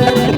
রে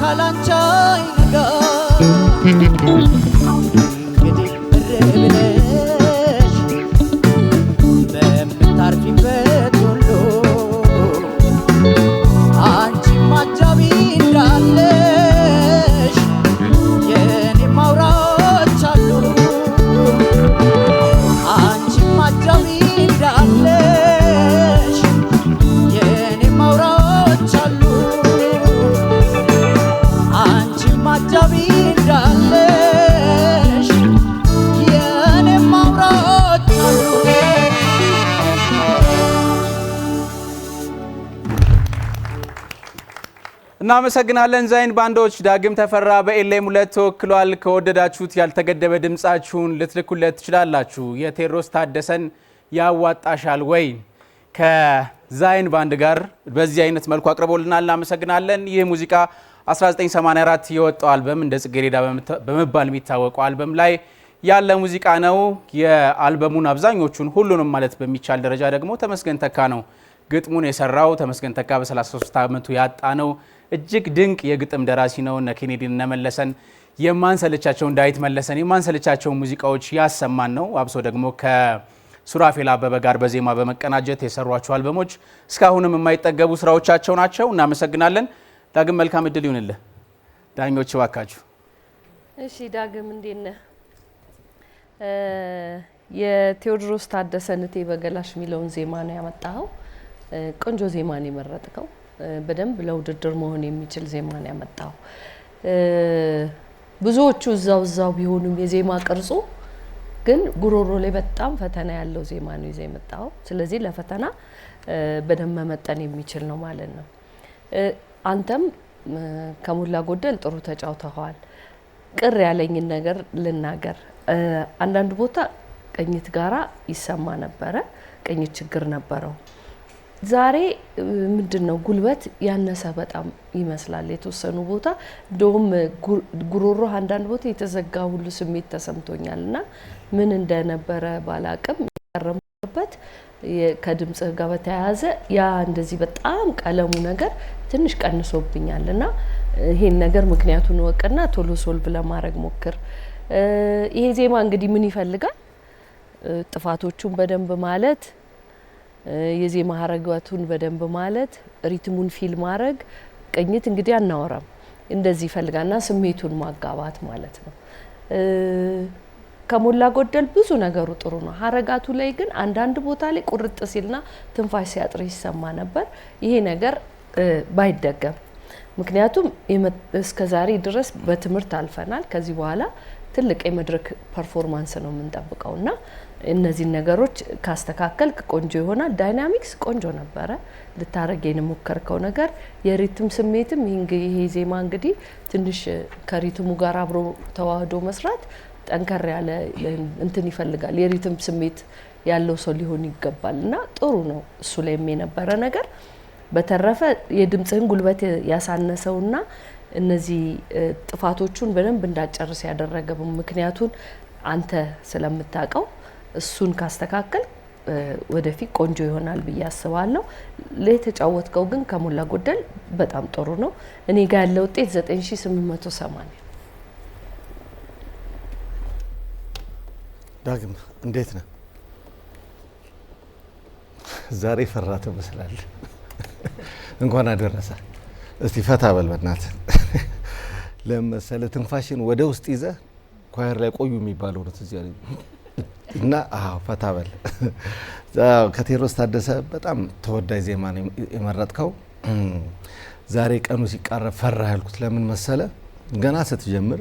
kalan chay da እናመሰግናለን ዛይን ባንዶች። ዳግም ተፈራ በኤልኤም ሁለት ተወክሏል። ከወደዳችሁት ያልተገደበ ድምፃችሁን ልትልኩለት ትችላላችሁ። የቴዎድሮስ ታደሰን ያዋጣሻል ወይ ከዛይን ባንድ ጋር በዚህ አይነት መልኩ አቅርቦልናል። እናመሰግናለን። ይህ ሙዚቃ 1984 የወጣው አልበም እንደ ጽጌሬዳ በመባል የሚታወቀው አልበም ላይ ያለ ሙዚቃ ነው። የአልበሙን አብዛኞቹን ሁሉንም ማለት በሚቻል ደረጃ ደግሞ ተመስገን ተካ ነው ግጥሙን የሰራው። ተመስገን ተካ በ33 ዓመቱ ያጣ ነው። እጅግ ድንቅ የግጥም ደራሲ ነው። እነ ኬኔዲን እነመለሰን መለሰን የማንሰልቻቸውን ዳዊት መለሰን የማንሰልቻቸውን ሙዚቃዎች ያሰማን ነው። አብሶ ደግሞ ከሱራፌል አበበ ጋር በዜማ በመቀናጀት የሰሯቸው አልበሞች እስካሁንም የማይጠገቡ ስራዎቻቸው ናቸው። እናመሰግናለን። ዳግም መልካም እድል ይሁንልህ። ዳኞች ባካችሁ። እሺ ዳግም እንዴት ነህ? የቴዎድሮስ ታደሰ ንቴ በገላሽ የሚለውን ዜማ ነው ያመጣኸው። ቆንጆ ዜማ ነው የመረጥከው። በደንብ ለውድድር መሆን የሚችል ዜማን ያመጣው። ብዙዎቹ እዛው እዛው ቢሆኑም የዜማ ቅርጹ ግን ጉሮሮ ላይ በጣም ፈተና ያለው ዜማ ነው ይዘ የመጣው። ስለዚህ ለፈተና በደንብ መመጠን የሚችል ነው ማለት ነው። አንተም ከሞላ ጎደል ጥሩ ተጫውተዋል። ቅር ያለኝን ነገር ልናገር። አንዳንድ ቦታ ቅኝት ጋራ ይሰማ ነበረ። ቅኝት ችግር ነበረው። ዛሬ ምንድን ነው ጉልበት ያነሰ በጣም ይመስላል የተወሰኑ ቦታ እንደውም ጉሮሮ አንዳንድ ቦታ የተዘጋ ሁሉ ስሜት ተሰምቶኛል እና ምን እንደነበረ ባላቅም ያረሙበት ከድምፅ ጋር በተያያዘ ያ እንደዚህ በጣም ቀለሙ ነገር ትንሽ ቀንሶብኛል እና ይሄን ነገር ምክንያቱን ወቅና ቶሎ ሶልቭ ለማድረግ ሞክር። ይሄ ዜማ እንግዲህ ምን ይፈልጋል? ጥፋቶቹን በደንብ ማለት የዜማ ሀረጋቱን በደንብ ማለት ሪትሙን ፊል ማድረግ ቅኝት እንግዲህ አናወራም እንደዚህ ፈልጋና ስሜቱን ማጋባት ማለት ነው። ከሞላ ጎደል ብዙ ነገሩ ጥሩ ነው። ሀረጋቱ ላይ ግን አንዳንድ ቦታ ላይ ቁርጥ ሲልና ትንፋሽ ሲያጥር ይሰማ ነበር። ይሄ ነገር ባይደገም ምክንያቱም እስከ ዛሬ ድረስ በትምህርት አልፈናል። ከዚህ በኋላ ትልቅ የመድረክ ፐርፎርማንስ ነው የምንጠብቀውና እነዚህን ነገሮች ካስተካከል ቆንጆ ይሆናል። ዳይናሚክስ ቆንጆ ነበረ። ልታረገን የሞከርከው ነገር የሪትም ስሜትም ይሄ ዜማ እንግዲህ ትንሽ ከሪትሙ ጋር አብሮ ተዋህዶ መስራት ጠንከር ያለ እንትን ይፈልጋል። የሪትም ስሜት ያለው ሰው ሊሆን ይገባል እና ጥሩ ነው እሱ ላይም የነበረ ነገር። በተረፈ የድምፅህን ጉልበት ያሳነሰው ና እነዚህ ጥፋቶቹን በደንብ እንዳጨርስ ያደረገ ምክንያቱን አንተ ስለምታውቀው እሱን ካስተካከል ወደፊት ቆንጆ ይሆናል ብዬ አስባለሁ። ለተጫወትከው ግን ከሞላ ጎደል በጣም ጥሩ ነው። እኔ ጋር ያለ ውጤት 9880 ዳግም እንዴት ነህ? ዛሬ ፈራ ትመስላለህ። እንኳን አደረሰ። እስቲ ፈታ በል በእናትህ። ለመሰለ ትንፋሽን ወደ ውስጥ ይዘህ ኳየር ላይ ቆዩ የሚባለው ነው እዚያ እና ፈታ በል ከቴዎድሮስ ታደሰ በጣም ተወዳጅ ዜማ ነው የመረጥከው። ዛሬ ቀኑ ሲቃረብ ፈራ ያልኩት ለምን መሰለ? ገና ስትጀምር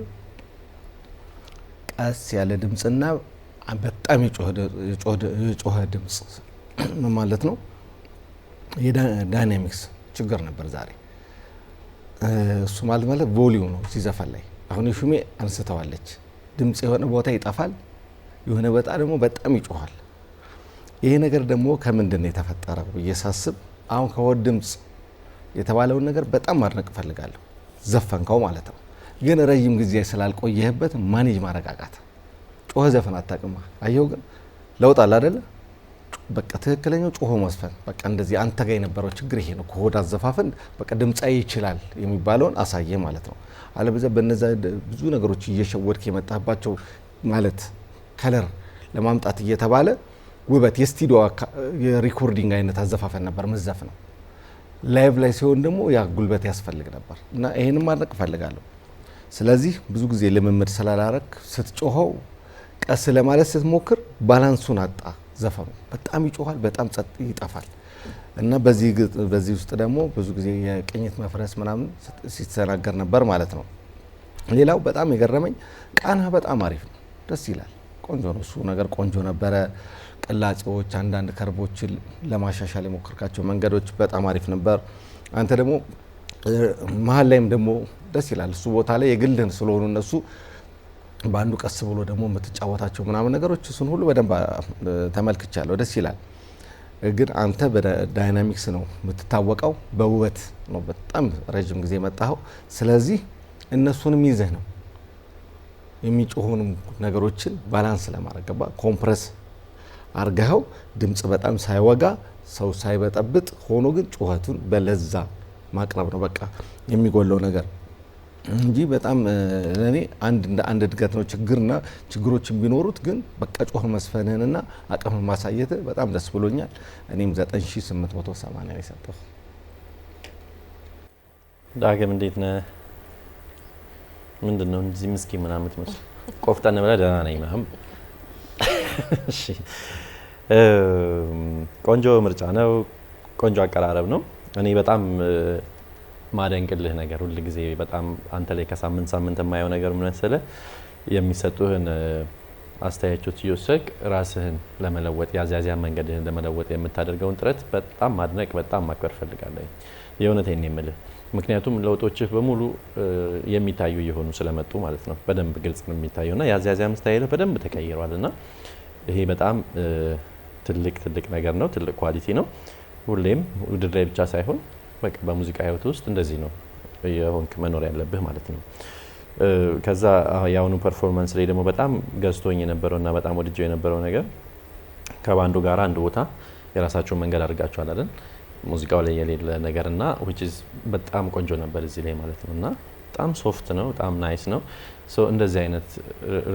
ቀስ ያለ ድምፅና በጣም የጮኸ ድምፅ ማለት ነው። የዳይናሚክስ ችግር ነበር ዛሬ። እሱ ማለት ማለት ቮሊዩም ነው ሲዘፈን ላይ። አሁን የሹሜ አንስተዋለች ድምፅ የሆነ ቦታ ይጠፋል። የሆነ በጣ ደግሞ በጣም ይጮኋል። ይሄ ነገር ደግሞ ከምንድን ነው የተፈጠረው ብዬ ሳስብ አሁን ከሆድ ድምፅ የተባለውን ነገር በጣም ማድነቅ እፈልጋለሁ። ዘፈንከው ማለት ነው፣ ግን ረዥም ጊዜ ስላልቆየህበት ማኔጅ ማረጋጋት። ጮኸ ዘፈን አታቅማ አየው፣ ግን ለውጥ አለ አደለ? በቃ ትክክለኛው ጮሆ መዝፈን። በቃ እንደዚህ አንተ ጋር የነበረው ችግር ይሄ ነው። ከሆድ አዘፋፈን በቃ ድምፃዊ ይችላል የሚባለውን አሳየ ማለት ነው። አለበዛ በነዛ ብዙ ነገሮች እየሸወድክ የመጣባቸው ማለት ከለር ለማምጣት እየተባለ ውበት የስቱዲዮ የሪኮርዲንግ አይነት አዘፋፈን ነበር መዘፍ ነው። ላይቭ ላይ ሲሆን ደግሞ ያ ጉልበት ያስፈልግ ነበር እና ይሄንም ማድረቅ እፈልጋለሁ። ስለዚህ ብዙ ጊዜ ልምምድ ስላላረግ ስትጮኸው ቀስ ለማለት ስትሞክር ባላንሱን አጣ። ዘፈኑ በጣም ይጮኋል፣ በጣም ጸጥ ይጠፋል እና በዚህ ውስጥ ደግሞ ብዙ ጊዜ የቅኝት መፍረስ ምናምን ሲተናገር ነበር ማለት ነው። ሌላው በጣም የገረመኝ ቃና በጣም አሪፍ ነው፣ ደስ ይላል። ቆንጆ ነው። እሱ ነገር ቆንጆ ነበረ። ቅላጼዎች፣ አንዳንድ ከርቦችን ለማሻሻል የሞከርካቸው መንገዶች በጣም አሪፍ ነበር። አንተ ደግሞ መሀል ላይም ደግሞ ደስ ይላል። እሱ ቦታ ላይ የግልህን ስለሆኑ እነሱ በአንዱ ቀስ ብሎ ደግሞ የምትጫወታቸው ምናምን ነገሮች እሱን ሁሉ በደንብ ተመልክቻለሁ። ደስ ይላል። ግን አንተ በዳይናሚክስ ነው የምትታወቀው፣ በውበት ነው በጣም ረዥም ጊዜ መጣኸው። ስለዚህ እነሱንም ይዘህ ነው የሚጮሆንም ነገሮችን ባላንስ ለማድረግ ገባ ኮምፕረስ አርገኸው ድምፅ በጣም ሳይወጋ ሰው ሳይበጠብጥ ሆኖ ግን ጩኸቱን በለዛ ማቅረብ ነው በቃ የሚጎለው ነገር እንጂ በጣም ለእኔ አንድ እንደ አንድ እድገት ነው። ችግርና ችግሮችን ቢኖሩት ግን በቃ ጮኸ መስፈንህንና አቅም ማሳየት በጣም ደስ ብሎኛል። እኔም 9880 ነው የሰጠሁ። ዳግም እንዴት ነህ? ምንድን ነው እዚህ ምስኪን ምናምን የምትመስል ቆፍጠን ብለህ ደህና ነኝ ምናምን። ቆንጆ ምርጫ ነው። ቆንጆ አቀራረብ ነው። እኔ በጣም ማደንቅልህ ነገር ሁል ጊዜ በጣም አንተ ላይ ከሳምንት ሳምንት የማየው ነገር ምን መሰለህ፣ የሚሰጡህን አስተያየቶች እየወሰድክ ራስህን ለመለወጥ ያዝያዝያ መንገድህን ለመለወጥ የምታደርገውን ጥረት በጣም ማድነቅ፣ በጣም ማክበር ፈልጋለኝ። የእውነቴን ነው የምልህ ምክንያቱም ለውጦችህ በሙሉ የሚታዩ እየሆኑ ስለመጡ ማለት ነው። በደንብ ግልጽ ነው የሚታየው ና የአዘያዝያም ስታይልህ በደንብ ተቀይሯል ና ይሄ በጣም ትልቅ ትልቅ ነገር ነው። ትልቅ ኳሊቲ ነው። ሁሌም ውድድር ላይ ብቻ ሳይሆን በቃ በሙዚቃ ህይወት ውስጥ እንደዚህ ነው የሆንክ መኖር ያለብህ ማለት ነው። ከዛ የአሁኑ ፐርፎርማንስ ላይ ደግሞ በጣም ገዝቶኝ የነበረው እና በጣም ወድጀው የነበረው ነገር ከባንዱ ጋር አንድ ቦታ የራሳቸውን መንገድ አድርጋቸዋል አይደል? ሙዚቃው ላይ የሌለ ነገር እና በጣም ቆንጆ ነበር እዚህ ላይ ማለት ነው እና በጣም ሶፍት ነው፣ በጣም ናይስ ነው። እንደዚህ አይነት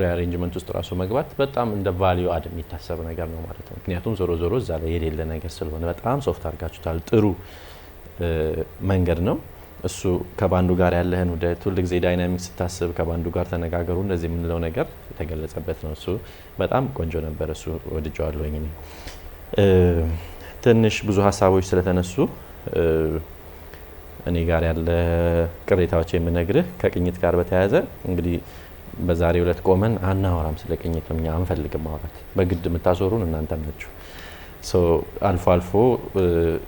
ሪአሬንጅመንት ውስጥ ራሱ መግባት በጣም እንደ ቫሊዩ አድ የሚታሰብ ነገር ነው ማለት ነው። ምክንያቱም ዞሮ ዞሮ እዛ ላይ የሌለ ነገር ስለሆነ በጣም ሶፍት አድርጋችሁታል። ጥሩ መንገድ ነው እሱ። ከባንዱ ጋር ያለህን ውደት ሁል ጊዜ ዳይናሚክ ስታስብ ከባንዱ ጋር ተነጋገሩ እንደዚህ የምንለው ነገር የተገለጸበት ነው። እሱ በጣም ቆንጆ ነበር። እሱ ወድጀዋለሁ። ትንሽ ብዙ ሀሳቦች ስለተነሱ እኔ ጋር ያለ ቅሬታዎች የምነግርህ ከቅኝት ጋር በተያያዘ እንግዲህ በዛሬ ዕለት ቆመን አናወራም። ስለ ቅኝት እኛ አንፈልግም ማውራት። በግድ የምታዞሩን እናንተ ናችሁ። አልፎ አልፎ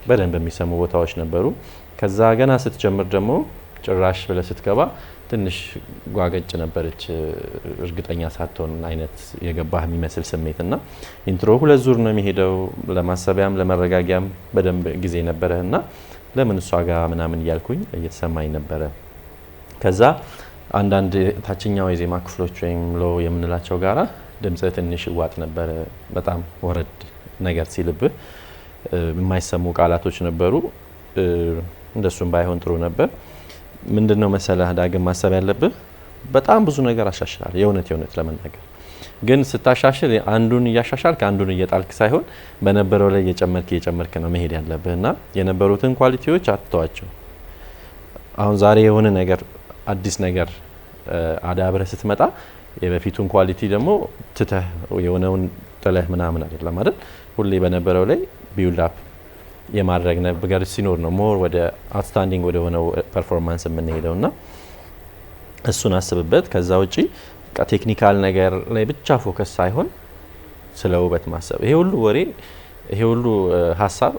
በደንብ የሚሰሙ ቦታዎች ነበሩ። ከዛ ገና ስትጀምር ደግሞ ጭራሽ ብለ ስትገባ ትንሽ ጓገጭ ነበረች፣ እርግጠኛ ሳትሆን አይነት የገባህ የሚመስል ስሜት እና ኢንትሮ ሁለት ዙር ነው የሚሄደው። ለማሰቢያም ለመረጋጊያም በደንብ ጊዜ ነበረ እና ለምን እሷ ጋር ምናምን እያልኩኝ እየተሰማኝ ነበረ። ከዛ አንዳንድ ታችኛው የዜማ ክፍሎች ወይም ሎ የምንላቸው ጋራ ድምጽ ትንሽ እዋጥ ነበረ። በጣም ወረድ ነገር ሲልብህ የማይሰሙ ቃላቶች ነበሩ። እንደሱም ባይሆን ጥሩ ነበር። ምንድን ነው መሰለህ ዳግም ማሰብ ያለብህ በጣም ብዙ ነገር አሻሽላል። የእውነት የእውነት ለመናገር ግን ስታሻሽል አንዱን እያሻሻልክ አንዱን እየጣልክ ሳይሆን በነበረው ላይ እየጨመርክ እየጨመርክ ነው መሄድ ያለብህ እና የነበሩትን ኳሊቲዎች አትተዋቸው። አሁን ዛሬ የሆነ ነገር አዲስ ነገር አዳብረህ ስትመጣ የበፊቱን ኳሊቲ ደግሞ ትተህ የሆነውን ጥለህ ምናምን አይደለም አይደል? ሁሌ በነበረው ላይ ቢውልድ አፕ የማድረግ ነገር ሲኖር ነው ሞር ወደ አውትስታንዲንግ ወደ ሆነው ፐርፎርማንስ የምንሄደው እና እሱን አስብበት። ከዛ ውጪ ቴክኒካል ነገር ላይ ብቻ ፎከስ ሳይሆን ስለ ውበት ማሰብ። ይሄ ሁሉ ወሬ ይሄ ሁሉ ሀሳብ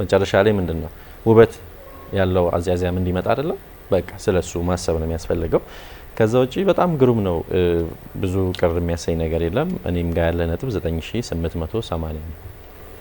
መጨረሻ ላይ ምንድን ነው ውበት ያለው አዝያዝያም እንዲመጣ አይደለም። በቃ ስለ እሱ ማሰብ ነው የሚያስፈልገው። ከዛ ውጪ በጣም ግሩም ነው። ብዙ ቅር የሚያሳይ ነገር የለም። እኔም ጋር ያለ ነጥብ 9880 ነው።